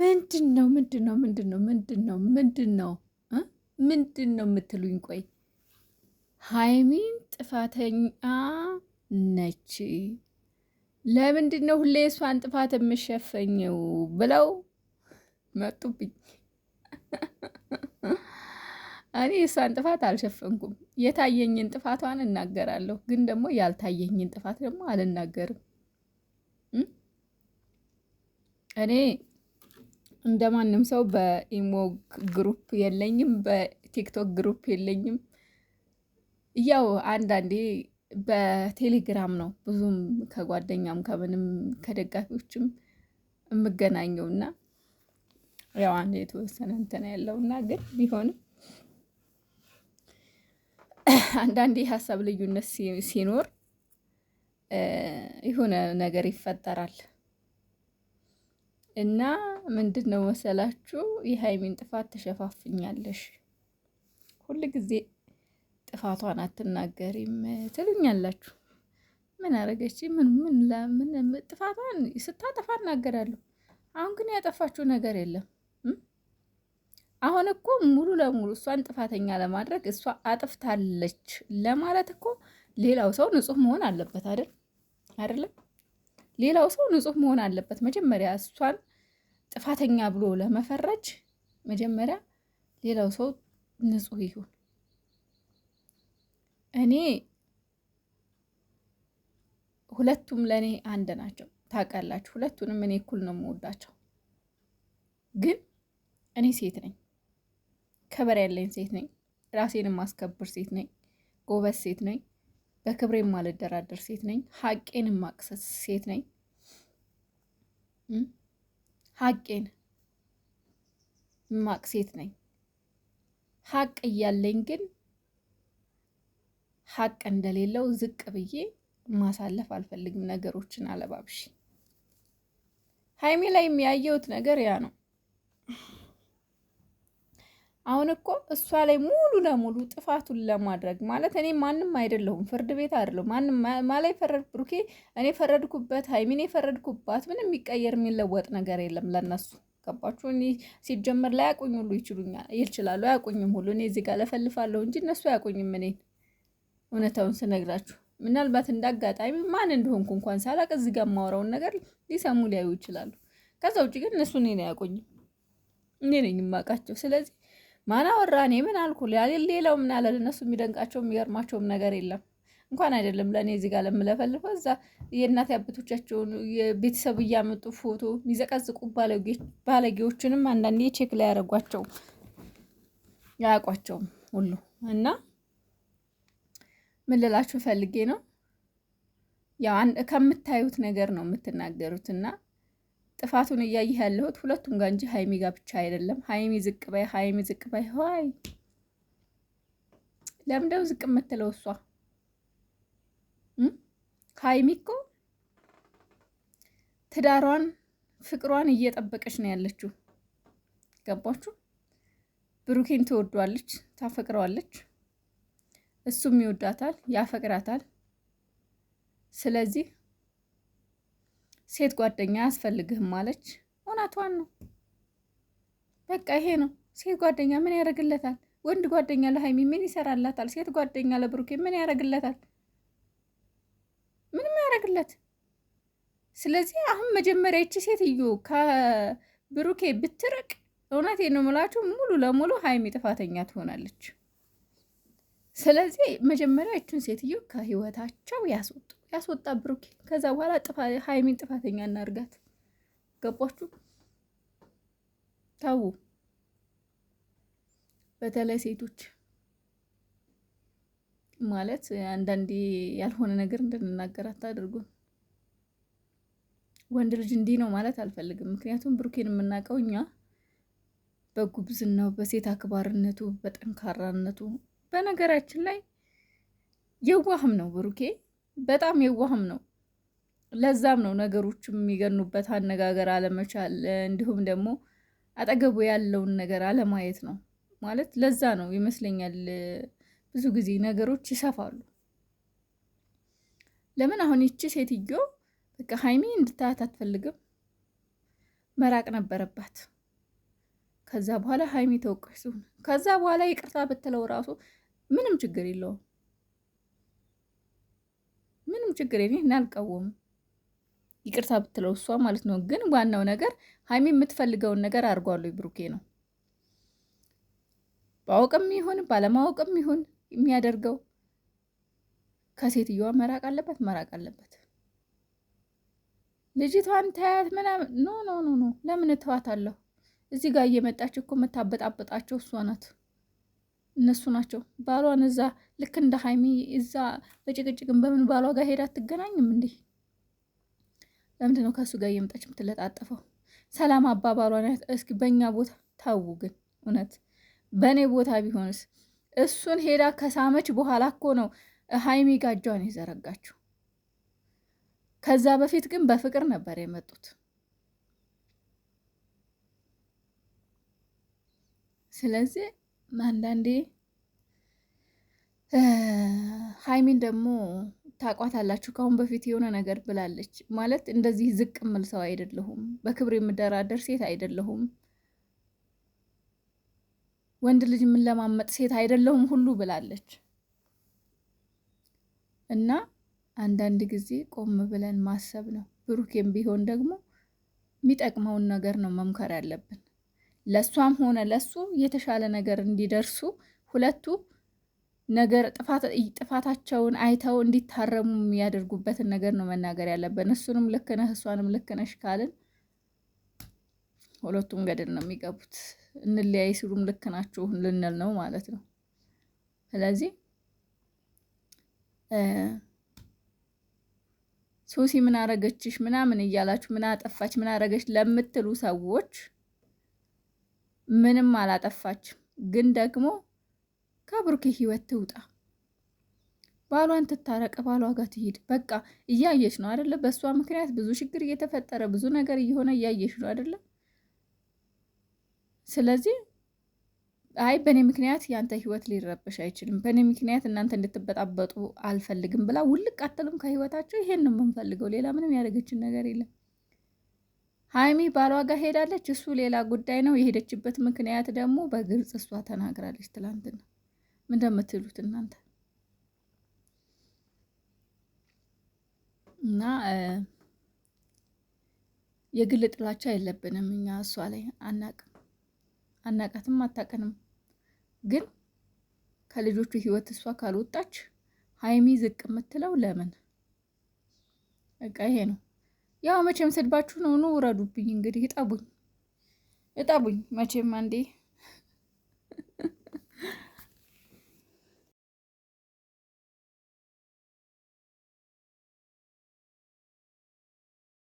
ምንድን ነው ምንድን ነው ምንድን ነው ምንድን ነው ምንድን ነው ምንድን ነው የምትሉኝ? ቆይ ሀይሚን ጥፋተኛ ነች። ለምንድን ነው ሁሌ እሷን ጥፋት የምሸፈኘው ብለው መጡብኝ። እኔ እሷን ጥፋት አልሸፈንኩም። የታየኝን ጥፋቷን እናገራለሁ፣ ግን ደግሞ ያልታየኝን ጥፋት ደግሞ አልናገርም እኔ እንደ ማንም ሰው በኢሞ ግሩፕ የለኝም፣ በቲክቶክ ግሩፕ የለኝም። ያው አንዳንዴ በቴሌግራም ነው ብዙም ከጓደኛም ከምንም ከደጋፊዎችም የምገናኘው እና ያው አንድ የተወሰነ እንትን ያለው እና ግን ቢሆንም አንዳንዴ ሀሳብ ልዩነት ሲኖር የሆነ ነገር ይፈጠራል እና ምንድን ነው መሰላችሁ የሀይሚን ጥፋት ትሸፋፍኛለሽ፣ ሁል ጊዜ ጥፋቷን አትናገሪም ትሉኛላችሁ። ምን አረገች? ምን ምን ለምን ጥፋቷን ስታጠፋ እናገራለሁ። አሁን ግን ያጠፋችው ነገር የለም። አሁን እኮ ሙሉ ለሙሉ እሷን ጥፋተኛ ለማድረግ እሷ አጥፍታለች ለማለት እኮ ሌላው ሰው ንጹህ መሆን አለበት አይደል? አይደለም ሌላው ሰው ንጹህ መሆን አለበት መጀመሪያ እሷን ጥፋተኛ ብሎ ለመፈረጅ መጀመሪያ ሌላው ሰው ንጹህ ይሁን። እኔ ሁለቱም ለእኔ አንድ ናቸው። ታውቃላችሁ፣ ሁለቱንም እኔ እኩል ነው የምወዳቸው። ግን እኔ ሴት ነኝ፣ ከበር ያለኝ ሴት ነኝ፣ ራሴን የማስከብር ሴት ነኝ፣ ጎበዝ ሴት ነኝ፣ በክብሬ የማልደራደር ሴት ነኝ፣ ሀቄን የማቅሰስ ሴት ነኝ። ሀቄን ማቅ ሴት ነኝ። ሀቅ እያለኝ ግን ሀቅ እንደሌለው ዝቅ ብዬ ማሳለፍ አልፈልግም። ነገሮችን አለባብሽ ሀይሜ ላይ የሚያየሁት ነገር ያ ነው። አሁን እኮ እሷ ላይ ሙሉ ለሙሉ ጥፋቱን ለማድረግ ማለት እኔ ማንም አይደለሁም፣ ፍርድ ቤት አይደለሁ። ማንም ማላይ ፈረድ ብሩኬ እኔ ፈረድኩበት፣ ሀይሚን የፈረድኩባት ምንም የሚቀየር የሚለወጥ ነገር የለም ለነሱ ገባችሁ። እኔ ሲጀመር ላይ ያቁኝ ሁሉ ይችሉኛል ይችላሉ፣ አያቁኝም ሁሉ እኔ እዚህ ጋር ለፈልፋለሁ እንጂ እነሱ አያቁኝም። እኔ እውነታውን ስነግራችሁ ምናልባት እንደ አጋጣሚ ማን እንደሆንኩ እንኳን ሳላቅ እዚህ ጋር የማወራውን ነገር ሊሰሙ ሊያዩ ይችላሉ። ከዛ ውጭ ግን እነሱ እኔን አያቁኝም፣ እኔ ነኝ የማውቃቸው። ስለዚህ ማን አወራ እኔ ምን አልኩ? ሌላው ምን አለ? እነሱ የሚደንቃቸው የሚገርማቸውም ነገር የለም። እንኳን አይደለም ለእኔ እዚህ ጋር ለምለፈልፈው እዛ የእናት አባቶቻቸውን ቤተሰብ እያመጡ ፎቶ የሚዘቀዝቁ ባለጌዎችንም አንዳንዴ ቼክ ላይ ያደረጓቸው አያውቋቸውም ሁሉ እና ምን ልላችሁ ፈልጌ ነው ያው ከምታዩት ነገር ነው የምትናገሩት እና ጥፋቱን እያየህ ያለሁት ሁለቱም ጋር እንጂ ሀይሚ ጋር ብቻ አይደለም። ሀይሚ ዝቅ በይ፣ ሀይሚ ዝቅ በይ። ሆይ ለምደው ዝቅ የምትለው እሷ? ሀይሚ እኮ ትዳሯን ፍቅሯን እየጠበቀች ነው ያለችው። ገባችሁ? ብሩኬን ትወዷለች፣ ታፈቅረዋለች፣ እሱም ይወዳታል፣ ያፈቅራታል። ስለዚህ ሴት ጓደኛ አያስፈልግህም ማለች። እውነቷን ነው። በቃ ይሄ ነው። ሴት ጓደኛ ምን ያደርግለታል? ወንድ ጓደኛ ለሀይሚ ምን ይሰራላታል? ሴት ጓደኛ ለብሩኬ ምን ያደርግለታል? ምንም ያደርግለት። ስለዚህ አሁን መጀመሪያ ይቺ ሴትዮ ከብሩኬ ብትርቅ፣ እውነቴን ነው የምላችሁ ሙሉ ለሙሉ ሀይሚ ጥፋተኛ ትሆናለች። ስለዚህ መጀመሪያ ይችን ሴትዮ ከህይወታቸው ያስወጡ ያስወጣ ብሩኬ። ከዛ በኋላ ሀይሚን ጥፋተኛ እናርጋት። ገባችሁ? ታው በተለይ ሴቶች ማለት አንዳንዴ ያልሆነ ነገር እንድንናገር አታድርጉን። ወንድ ልጅ እንዲህ ነው ማለት አልፈልግም። ምክንያቱም ብሩኬን የምናውቀው እኛ በጉብዝናው፣ በሴት አክባርነቱ፣ በጠንካራነቱ በነገራችን ላይ የዋህም ነው ብሩኬ፣ በጣም የዋህም ነው። ለዛም ነው ነገሮች የሚገኑበት አነጋገር አለመቻል፣ እንዲሁም ደግሞ አጠገቡ ያለውን ነገር አለማየት ነው ማለት። ለዛ ነው ይመስለኛል ብዙ ጊዜ ነገሮች ይሰፋሉ። ለምን አሁን ይቺ ሴትዮ በቃ ሀይሚ እንድታያት አትፈልግም፣ መራቅ ነበረባት። ከዛ በኋላ ሀይሚ ተወቀሱ። ከዛ በኋላ ይቅርታ ብትለው ራሱ ምንም ችግር የለውም። ምንም ችግር የለ፣ እኔ አልቃወምም። ይቅርታ ብትለው እሷ ማለት ነው። ግን ዋናው ነገር ሀይሚ የምትፈልገውን ነገር አድርጓሉ ብሩኬ ነው። በአውቅም ይሁን ባለማወቅም ይሁን የሚያደርገው ከሴትዮዋ መራቅ አለበት፣ መራቅ አለበት። ልጅቷን ተያት ምናምን ኖ ኖ ኖ ኖ። ለምን እተዋታለሁ? እዚህ ጋር እየመጣች እኮ የምታበጣበጣቸው እሷ ናት። እነሱ ናቸው። ባሏን እዛ ልክ እንደ ሀይሚ እዛ በጭቅጭቅን በምን ባሏ ጋር ሄዳ አትገናኝም እንዴ? ለምንድን ነው ከእሱ ጋር እየመጣች የምትለጣጠፈው? ሰላም አባባሏን እስኪ በእኛ ቦታ ታው። ግን እውነት በእኔ ቦታ ቢሆንስ እሱን ሄዳ ከሳመች በኋላ እኮ ነው ሀይሚ ጋ እጇን የዘረጋችው። ከዛ በፊት ግን በፍቅር ነበር የመጡት። ስለዚህ አንዳንዴ ሀይሚን ደግሞ ታቋታላችሁ። ከአሁን በፊት የሆነ ነገር ብላለች ማለት እንደዚህ ዝቅ የምል ሰው አይደለሁም፣ በክብር የምደራደር ሴት አይደለሁም፣ ወንድ ልጅ የምንለማመጥ ሴት አይደለሁም ሁሉ ብላለች እና አንዳንድ ጊዜ ቆም ብለን ማሰብ ነው። ብሩኬም ቢሆን ደግሞ የሚጠቅመውን ነገር ነው መምከር ያለብን። ለእሷም ሆነ ለሱ የተሻለ ነገር እንዲደርሱ ሁለቱ ነገር ጥፋታቸውን አይተው እንዲታረሙ የሚያደርጉበትን ነገር ነው መናገር ያለብን። እሱንም ልክ ነህ እሷንም ልክ ነሽ ካልን ሁለቱም ገደል ነው የሚገቡት። እንለያይ ሲሉም ልክ ናችሁ ልንል ነው ማለት ነው። ስለዚህ ሶሲ ምን አረገችሽ ምናምን እያላችሁ ምን አጠፋች ምን አረገች ለምትሉ ሰዎች ምንም አላጠፋችም። ግን ደግሞ ከብሩኬ ህይወት ትውጣ፣ ባሏን ትታረቅ፣ ባሏ ጋር ትሄድ። በቃ እያየሽ ነው አደለ? በእሷ ምክንያት ብዙ ችግር እየተፈጠረ ብዙ ነገር እየሆነ እያየሽ ነው አደለ? ስለዚህ አይ በእኔ ምክንያት ያንተ ህይወት ሊረበሽ አይችልም፣ በእኔ ምክንያት እናንተ እንድትበጣበጡ አልፈልግም ብላ ውልቅ አትልም ከህይወታቸው። ይሄን ነው የምንፈልገው። ሌላ ምንም ያደረገችን ነገር የለም። ሀይሚ ባሏ ጋር ሄዳለች፣ እሱ ሌላ ጉዳይ ነው። የሄደችበት ምክንያት ደግሞ በግልጽ እሷ ተናግራለች። ትላንትና ምን እንደምትሉት እናንተ እና የግል ጥላቻ የለብንም እኛ እሷ ላይ አናቅም፣ አናቃትም፣ አታቀንም። ግን ከልጆቹ ህይወት እሷ ካልወጣች ሀይሚ ዝቅ የምትለው ለምን? በቃ ይሄ ነው። ያው መቼም ስድባችሁ ነው። ኑ ውረዱብኝ፣ እንግዲህ እጠቡኝ፣ እጠቡኝ መቼም አንዴ